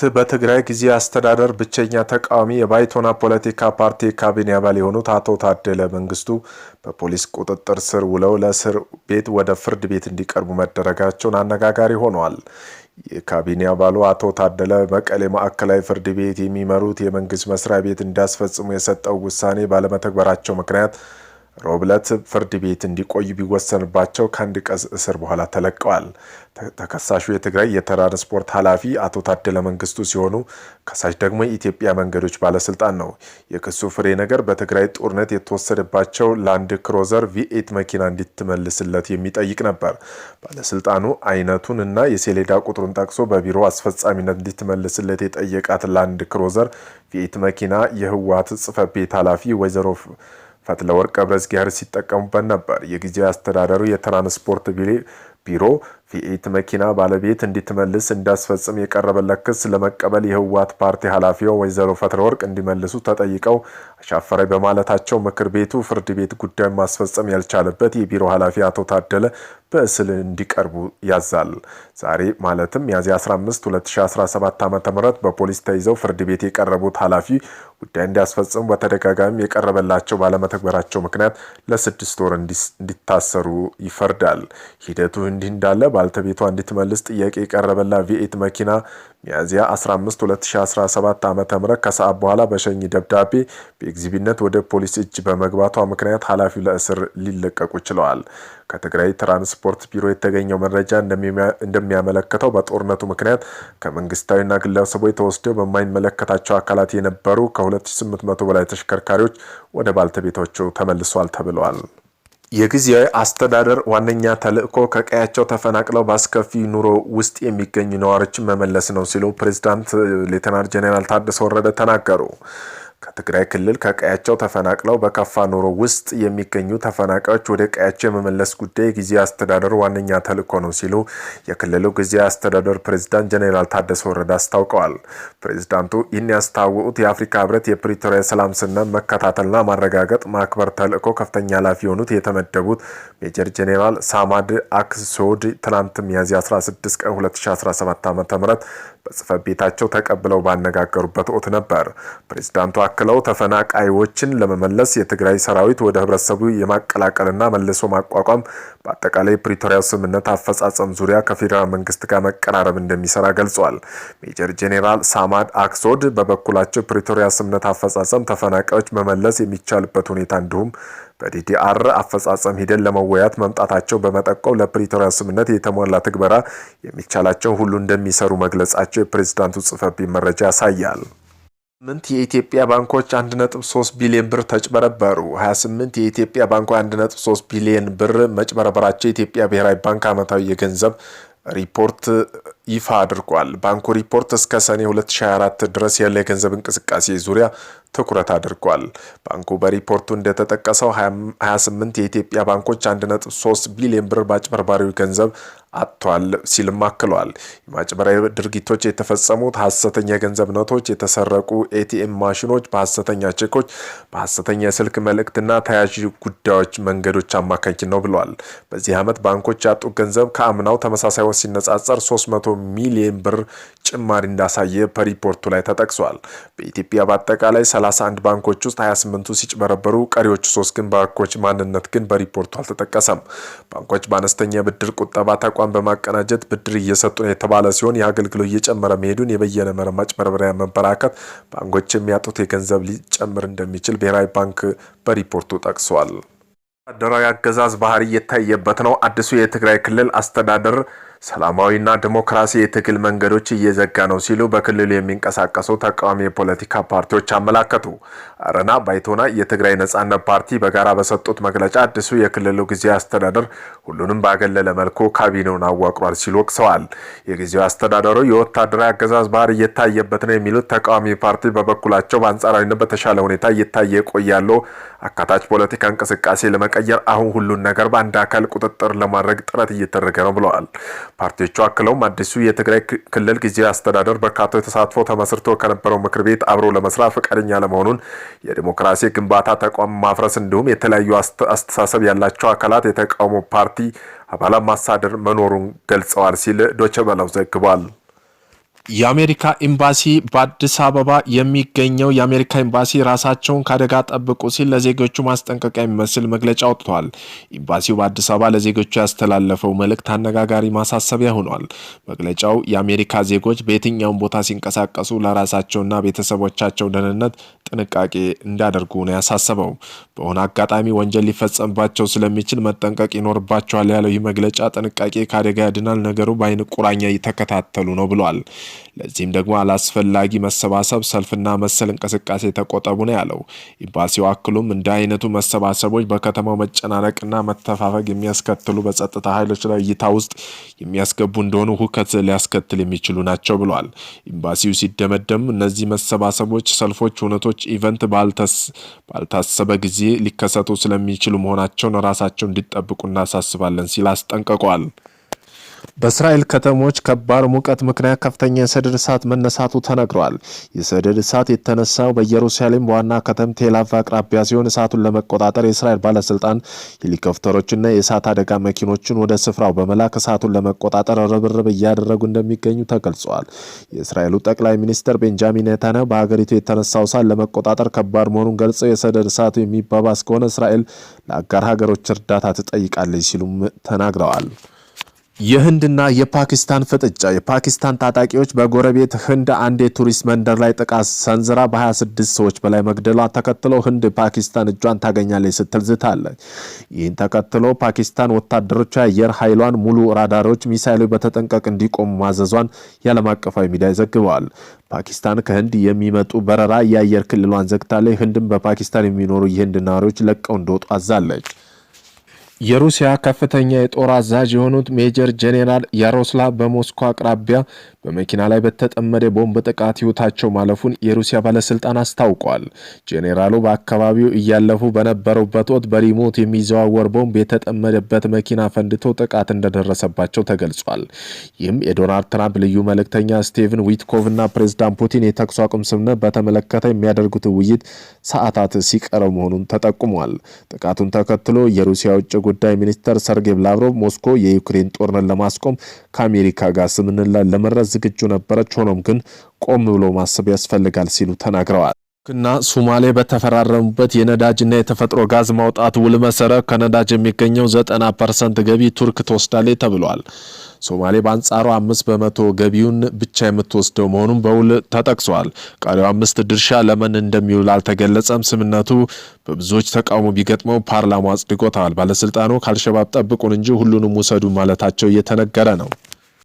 ወቅት በትግራይ ጊዜ አስተዳደር ብቸኛ ተቃዋሚ የባይቶና ፖለቲካ ፓርቲ ካቢኔ አባል የሆኑት አቶ ታደለ መንግስቱ በፖሊስ ቁጥጥር ስር ውለው ለእስር ቤት ወደ ፍርድ ቤት እንዲቀርቡ መደረጋቸውን አነጋጋሪ ሆኗል። የካቢኔ አባሉ አቶ ታደለ መቀሌ ማዕከላዊ ፍርድ ቤት የሚመሩት የመንግስት መስሪያ ቤት እንዲያስፈጽሙ የሰጠው ውሳኔ ባለመተግበራቸው ምክንያት ሮብ ዕለት ፍርድ ቤት እንዲቆዩ ቢወሰንባቸው ከአንድ ቀን እስር በኋላ ተለቀዋል። ተከሳሹ የትግራይ የትራንስፖርት ኃላፊ አቶ ታደለ መንግስቱ ሲሆኑ ከሳሽ ደግሞ የኢትዮጵያ መንገዶች ባለስልጣን ነው። የክሱ ፍሬ ነገር በትግራይ ጦርነት የተወሰደባቸው ላንድ ክሮዘር ቪኤት መኪና እንዲትመልስለት የሚጠይቅ ነበር። ባለስልጣኑ አይነቱን እና የሰሌዳ ቁጥሩን ጠቅሶ በቢሮ አስፈጻሚነት እንዲትመልስለት የጠየቃት ላንድ ክሮዘር ቪኤት መኪና የህወሓት ጽፈት ቤት ኃላፊ ወይዘሮ ፈትለወርቅ ገብረእግዚአብሔር ሲጠቀሙበት ነበር። የጊዜያዊ አስተዳደሩ የትራንስፖርት ቢሮ ፊኤት መኪና ባለቤት እንዲትመልስ እንዳስፈጽም የቀረበለት ክስ ለመቀበል የህወሓት ፓርቲ ኃላፊው ወይዘሮ ፈትለወርቅ እንዲመልሱ ተጠይቀው አሻፈረኝ በማለታቸው ምክር ቤቱ ፍርድ ቤት ጉዳይ ማስፈጸም ያልቻለበት የቢሮ ኃላፊ አቶ ታደለ በእስል እንዲቀርቡ ያዛል። ዛሬ ማለትም ሚያዝያ 15 2017 ዓ ም በፖሊስ ተይዘው ፍርድ ቤት የቀረቡት ኃላፊ ጉዳይ እንዲያስፈጽሙ በተደጋጋሚ የቀረበላቸው ባለመተግበራቸው ምክንያት ለስድስት ወር እንዲታሰሩ ይፈርዳል። ሂደቱ እንዲህ እንዳለ አንዲት እንድትመልስ ጥያቄ የቀረበላት ቪኤት መኪና ሚያዝያ 15 2017 ዓ ም ከሰዓት በኋላ በሸኝ ደብዳቤ በኤግዚቢነት ወደ ፖሊስ እጅ በመግባቷ ምክንያት ኃላፊው ለእስር ሊለቀቁ ችለዋል። ከትግራይ ትራንስፖርት ቢሮ የተገኘው መረጃ እንደሚያመለክተው በጦርነቱ ምክንያት ከመንግስታዊና ግለሰቦች ተወስደው በማይመለከታቸው አካላት የነበሩ ከ2800 በላይ ተሽከርካሪዎች ወደ ባልተቤቶቹ ተመልሷል ተብለዋል። የጊዜያዊ አስተዳደር ዋነኛ ተልዕኮ ከቀያቸው ተፈናቅለው በአስከፊ ኑሮ ውስጥ የሚገኙ ነዋሪዎችን መመለስ ነው ሲሉ ፕሬዚዳንት ሌተናል ጄኔራል ታደሰ ወረደ ተናገሩ። ከትግራይ ክልል ከቀያቸው ተፈናቅለው በከፋ ኑሮ ውስጥ የሚገኙ ተፈናቃዮች ወደ ቀያቸው የመመለስ ጉዳይ ጊዜ አስተዳደሩ ዋነኛ ተልዕኮ ነው ሲሉ የክልሉ ጊዜ አስተዳደር ፕሬዝዳንት ጀኔራል ታደሰ ወረደ አስታውቀዋል። ፕሬዚዳንቱ ይህን ያስታወቁት የአፍሪካ ህብረት የፕሪቶሪያ ሰላም ስምምነትን መከታተልና ማረጋገጥ ማክበር ተልዕኮ ከፍተኛ ኃላፊ የሆኑት የተመደቡት ሜጀር ጄኔራል ሳማድ አክሶድ ትናንት ሚያዝያ 16 ቀን 2017 ዓ ም በጽህፈት ቤታቸው ተቀብለው ባነጋገሩበት ወቅት ነበር። ፕሬዚዳንቱ አክለው ተፈናቃዮችን ለመመለስ የትግራይ ሰራዊት ወደ ህብረተሰቡ የማቀላቀልና መልሶ ማቋቋም በአጠቃላይ ፕሪቶሪያ ስምምነት አፈጻጸም ዙሪያ ከፌዴራል መንግስት ጋር መቀራረብ እንደሚሰራ ገልጿል። ሜጀር ጄኔራል ሳማድ አክሶድ በበኩላቸው የፕሪቶሪያ ስምምነት አፈጻጸም ተፈናቃዮች መመለስ የሚቻልበት ሁኔታ እንዲሁም በዲዲአር አፈጻጸም ሂደን ለመወያት መምጣታቸው በመጠቆም ለፕሪቶሪያ ስምነት የተሟላ ትግበራ የሚቻላቸው ሁሉ እንደሚሰሩ መግለጻቸው የፕሬዝዳንቱ ጽሕፈት ቤት መረጃ ያሳያል። ስምንት የኢትዮጵያ ባንኮች 1.3 ቢሊዮን ብር ተጭበረበሩ። 28 የኢትዮጵያ ባንኮች 1.3 ቢሊዮን ብር መጭበረበራቸው የኢትዮጵያ ብሔራዊ ባንክ ዓመታዊ የገንዘብ ሪፖርት ይፋ አድርጓል። ባንኩ ሪፖርት እስከ ሰኔ 2024 ድረስ ያለ የገንዘብ እንቅስቃሴ ዙሪያ ትኩረት አድርጓል። ባንኩ በሪፖርቱ እንደተጠቀሰው 28 የኢትዮጵያ ባንኮች 1.3 ቢሊዮን ብር በአጭበርባሪው ገንዘብ አጥቷል ሲልም አክሏል። የማጭበራዊ ድርጊቶች የተፈጸሙት ሀሰተኛ የገንዘብ ኖቶች፣ የተሰረቁ ኤቲኤም ማሽኖች፣ በሀሰተኛ ቼኮች፣ በሀሰተኛ የስልክ መልእክትና ተያዥ ጉዳዮች መንገዶች አማካኝ ነው ብለዋል። በዚህ ዓመት ባንኮች ያጡት ገንዘብ ከአምናው ተመሳሳይ ወር ሲነጻጸር 300 ሚሊዮን ብር ጭማሪ እንዳሳየ በሪፖርቱ ላይ ተጠቅሷል። በኢትዮጵያ በአጠቃላይ 31 ባንኮች ውስጥ 28ቱ ሲጭበረበሩ ቀሪዎቹ ሶስት ግን ባንኮች ማንነት ግን በሪፖርቱ አልተጠቀሰም። ባንኮች በአነስተኛ ብድር ቁጠባ ተቋም በማቀናጀት ብድር እየሰጡ ነው የተባለ ሲሆን የአገልግሎት እየጨመረ መሄዱን የበየነ መረብ ማጭበርበሪያ መበራከት ባንኮች የሚያጡት የገንዘብ ሊጨምር እንደሚችል ብሔራዊ ባንክ በሪፖርቱ ጠቅሷል። ወታደራዊ አገዛዝ ባህሪ እየታየበት ነው። አዲሱ የትግራይ ክልል አስተዳደር ሰላማዊና ዲሞክራሲ የትግል መንገዶች እየዘጋ ነው ሲሉ በክልሉ የሚንቀሳቀሱ ተቃዋሚ የፖለቲካ ፓርቲዎች አመላከቱ። አረና ባይቶና የትግራይ ነጻነት ፓርቲ በጋራ በሰጡት መግለጫ አዲሱ የክልሉ ጊዜያዊ አስተዳደር ሁሉንም ባገለለ መልኩ ካቢኔውን አዋቅሯል ሲሉ ወቅሰዋል። የጊዜያዊ አስተዳደሩ የወታደራዊ አገዛዝ ባህር እየታየበት ነው የሚሉት ተቃዋሚ ፓርቲ በበኩላቸው በአንጻራዊነት በተሻለ ሁኔታ እየታየ የቆያለው አካታች ፖለቲካ እንቅስቃሴ ለመቀየር አሁን ሁሉን ነገር በአንድ አካል ቁጥጥር ለማድረግ ጥረት እየተደረገ ነው ብለዋል። ፓርቲዎቹ አክለውም አዲሱ የትግራይ ክልል ጊዜያዊ አስተዳደር በርካታው ተሳትፎ ተመስርቶ ከነበረው ምክር ቤት አብሮ ለመስራት ፈቃደኛ ለመሆኑን የዲሞክራሲ ግንባታ ተቋም ማፍረስ እንዲሁም የተለያዩ አስተሳሰብ ያላቸው አካላት የተቃውሞ ፓርቲ አባላት ማሳደር መኖሩን ገልጸዋል ሲል ዶቸበላው ዘግቧል። የአሜሪካ ኤምባሲ በአዲስ አበባ የሚገኘው የአሜሪካ ኤምባሲ ራሳቸውን ከአደጋ ጠብቁ ሲል ለዜጎቹ ማስጠንቀቂያ የሚመስል መግለጫ አውጥቷል። ኤምባሲው በአዲስ አበባ ለዜጎቹ ያስተላለፈው መልእክት አነጋጋሪ ማሳሰቢያ ሆኗል። መግለጫው የአሜሪካ ዜጎች በየትኛውም ቦታ ሲንቀሳቀሱ ለራሳቸውና ቤተሰቦቻቸው ደህንነት ጥንቃቄ እንዲያደርጉ ነው ያሳሰበው። በሆነ አጋጣሚ ወንጀል ሊፈጸምባቸው ስለሚችል መጠንቀቅ ይኖርባቸዋል ያለው ይህ መግለጫ ጥንቃቄ ከአደጋ ያድናል፣ ነገሩ በአይን ቁራኛ እየተከታተሉ ነው ብሏል። ለዚህም ደግሞ አላስፈላጊ መሰባሰብ፣ ሰልፍና መሰል እንቅስቃሴ ተቆጠቡ ነው ያለው። ኤምባሲው አክሉም እንደ አይነቱ መሰባሰቦች በከተማው መጨናነቅና መተፋፈግ የሚያስከትሉ በጸጥታ ኃይሎች ላይ እይታ ውስጥ የሚያስገቡ እንደሆኑ ሁከት ሊያስከትል የሚችሉ ናቸው ብለል። ኤምባሲው ሲደመደም እነዚህ መሰባሰቦች፣ ሰልፎች፣ እውነቶች ኢቨንት ባልታሰበ ጊዜ ሊከሰቱ ስለሚችሉ መሆናቸውን ራሳቸው እንዲጠብቁ እናሳስባለን ሲል አስጠንቅቋል። በእስራኤል ከተሞች ከባድ ሙቀት ምክንያት ከፍተኛ የሰደድ እሳት መነሳቱ ተነግሯል። የሰደድ እሳት የተነሳው በኢየሩሳሌም ዋና ከተማ ቴላቭ አቅራቢያ ሲሆን እሳቱን ለመቆጣጠር የእስራኤል ባለስልጣን ሄሊኮፕተሮችና የእሳት አደጋ መኪኖችን ወደ ስፍራው በመላክ እሳቱን ለመቆጣጠር ርብርብ እያደረጉ እንደሚገኙ ተገልጿል። የእስራኤሉ ጠቅላይ ሚኒስትር ቤንጃሚን ኔታንያሁ በሀገሪቱ የተነሳው እሳት ለመቆጣጠር ከባድ መሆኑን ገልጸው የሰደድ እሳቱ የሚባባስ ከሆነ እስራኤል ለአጋር ሀገሮች እርዳታ ትጠይቃለች ሲሉም ተናግረዋል። የህንድና የፓኪስታን ፍጥጫ። የፓኪስታን ታጣቂዎች በጎረቤት ህንድ አንድ የቱሪስት መንደር ላይ ጥቃት ሰንዝራ በ26 ሰዎች በላይ መግደሏ ተከትሎ ህንድ ፓኪስታን እጇን ታገኛለች ስትል ዝታለች። ይህን ተከትሎ ፓኪስታን ወታደሮቿ የአየር ኃይሏን ሙሉ ራዳሮች፣ ሚሳይሎች በተጠንቀቅ እንዲቆሙ ማዘዟን የዓለም አቀፋዊ ሚዲያ ይዘግበዋል። ፓኪስታን ከህንድ የሚመጡ በረራ የአየር ክልሏን ዘግታለች። ህንድም በፓኪስታን የሚኖሩ የህንድ ነዋሪዎች ለቀው እንደወጡ አዛለች። የሩሲያ ከፍተኛ የጦር አዛዥ የሆኑት ሜጀር ጄኔራል ያሮስላ በሞስኮ አቅራቢያ በመኪና ላይ በተጠመደ ቦምብ ጥቃት ሕይወታቸው ማለፉን የሩሲያ ባለስልጣን አስታውቋል። ጄኔራሉ በአካባቢው እያለፉ በነበሩበት ወቅት በሪሞት የሚዘዋወር ቦምብ የተጠመደበት መኪና ፈንድቶ ጥቃት እንደደረሰባቸው ተገልጿል። ይህም የዶናልድ ትራምፕ ልዩ መልእክተኛ ዊትኮቭ እና ፕሬዚዳንት ፑቲን የተኩስ አቁም ስምምነት በተመለከተ የሚያደርጉት ውይይት ሰዓታት ሲቀረው መሆኑን ተጠቁሟል። ጥቃቱን ተከትሎ የሩሲያ ውጭ ጉዳይ ሚኒስተር ሰርጌይ ላቭሮቭ ሞስኮ የዩክሬን ጦርነት ለማስቆም ከአሜሪካ ጋር ስምምነት ለመድረስ ዝግጁ ነበረች፣ ሆኖም ግን ቆም ብሎ ማሰብ ያስፈልጋል ሲሉ ተናግረዋል። እና ሱማሌ በተፈራረሙበት የነዳጅና የተፈጥሮ ጋዝ ማውጣት ውል መሰረት ከነዳጅ የሚገኘው ዘጠና ፐርሰንት ገቢ ቱርክ ትወስዳለች ተብሏል። ሶማሌ በአንጻሩ አምስት በመቶ ገቢውን ብቻ የምትወስደው መሆኑን በውል ተጠቅሷል። ቀሪው አምስት ድርሻ ለምን እንደሚውል አልተገለጸም። ስምነቱ በብዙዎች ተቃውሞ ቢገጥመው ፓርላማው አጽድቆታል። ባለስልጣኑ ከአልሸባብ ጠብቁን እንጂ ሁሉንም ውሰዱ ማለታቸው እየተነገረ ነው።